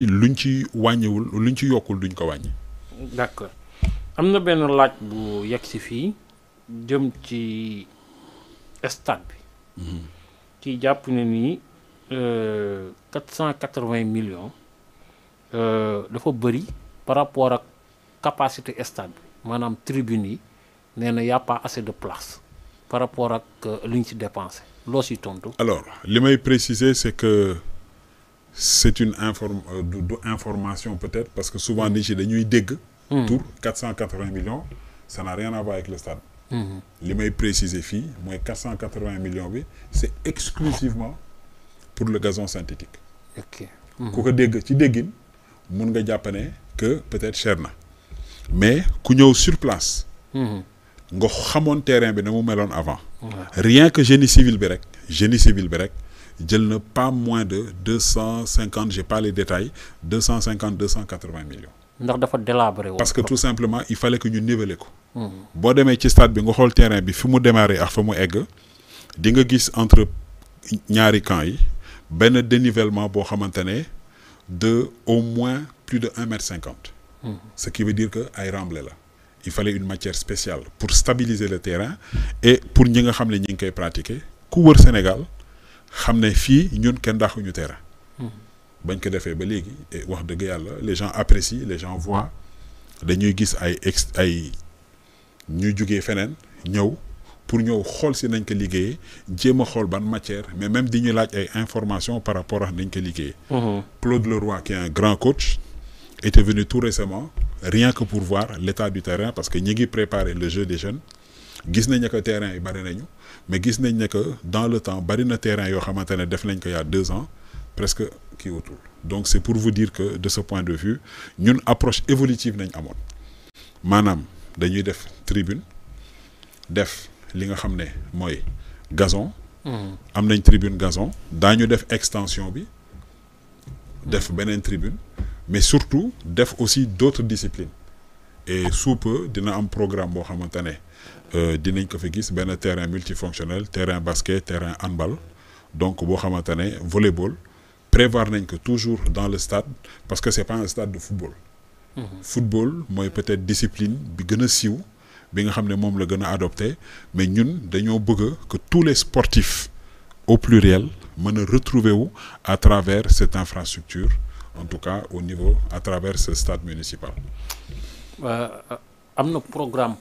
luñ ci luñ ci duñ ko d'accord amna na benn laaj bu yegg fi dem ci stade bi. Mhm. ci japp ne ni euh 480 millions euh millions dafa bëri par rapport ak capacité stade bi maanaam tribune yi na y a pas assez de place par rapport ak euh, li ñu ci dépenser lo ci tontu. alors limay préciser c'est que c'est une euh, information peut-être parce que souvent les gens dañuy dégg. Hmm. tour 480 millions ça n'a rien à voir avec le stade. Hmm. li may préciser fii mooy 480 millions bi c'est exclusivement pour le gazon synthétique. ok hmm. ku ko dégg ci déggin mun nga jàpp que peut-être cher Mais mais ku est sur place. on xamoon terrain bi na mu avant. rien que génie civil bi génie civil il na pas moins de 250 Je n'ai pas les détails 250-280 millions. parce que tout simplement il fallait que nous niveler ko. Hmm. boo demee ci stade bi nga le terrain bi fi démarré ak fa entre egg di nga entre ñaari camps yi dénivellement de au moins plus de 1,50 m hmm. ce qui veut dire que ay il fallait une matière spéciale pour stabiliser le terrain et pour ñi nga le ñi pratiqué. pratiquer Sénégal xamné fi fii ñun kenn ñu téra hmm. bañ ko défé ba léegi eh, wax deug yalla les gens apprécient les gens voient dañuy gis ay ay ñu jugee fenen, ñew pour ñew xol si nañ ko liggé jéem xol ban matière mais même di ñu laaj ay informations par rapport à nañ ko liggé hmm. Claude Leroy qui est un grand coach était venu tout récemment rien que pour voir l'état du terrain parce que ñi ngi préparer le jeu des jeunes gis nañ ne que terrain yi bari nañu mais gis nañ ne que dans le temps bari na terrain yoo xamante def nañ ko y a deux ans presque kii wutul donc c'est pour vous dire que de ce point de vue ñun approche évolutive nañ amoon maanaam dañuy def tribune def li nga xam ne mooy gazon. Hmm. am nañ tribune gazon daañu def extension bi def hmm. beneen tribune mais surtout def aussi d'autres disciplines et sous peu dina am programme un xamantane ne euh, dinañ ko fi gis terrain multifonctionnel terrain basket terrain handball donc un xamantane ne volleyball prévoir nañ toujours dans le stade parce que c'est pas un stade de football. Mhm. football moy peut-être discipline bi gëna a bi nga la mais ñun dañoo bëgg que tous les sportifs au pluriel mën retrouver wu à travers cette infrastructure en tout cas au niveau à travers ce stade municipal. Euh, euh, am na programme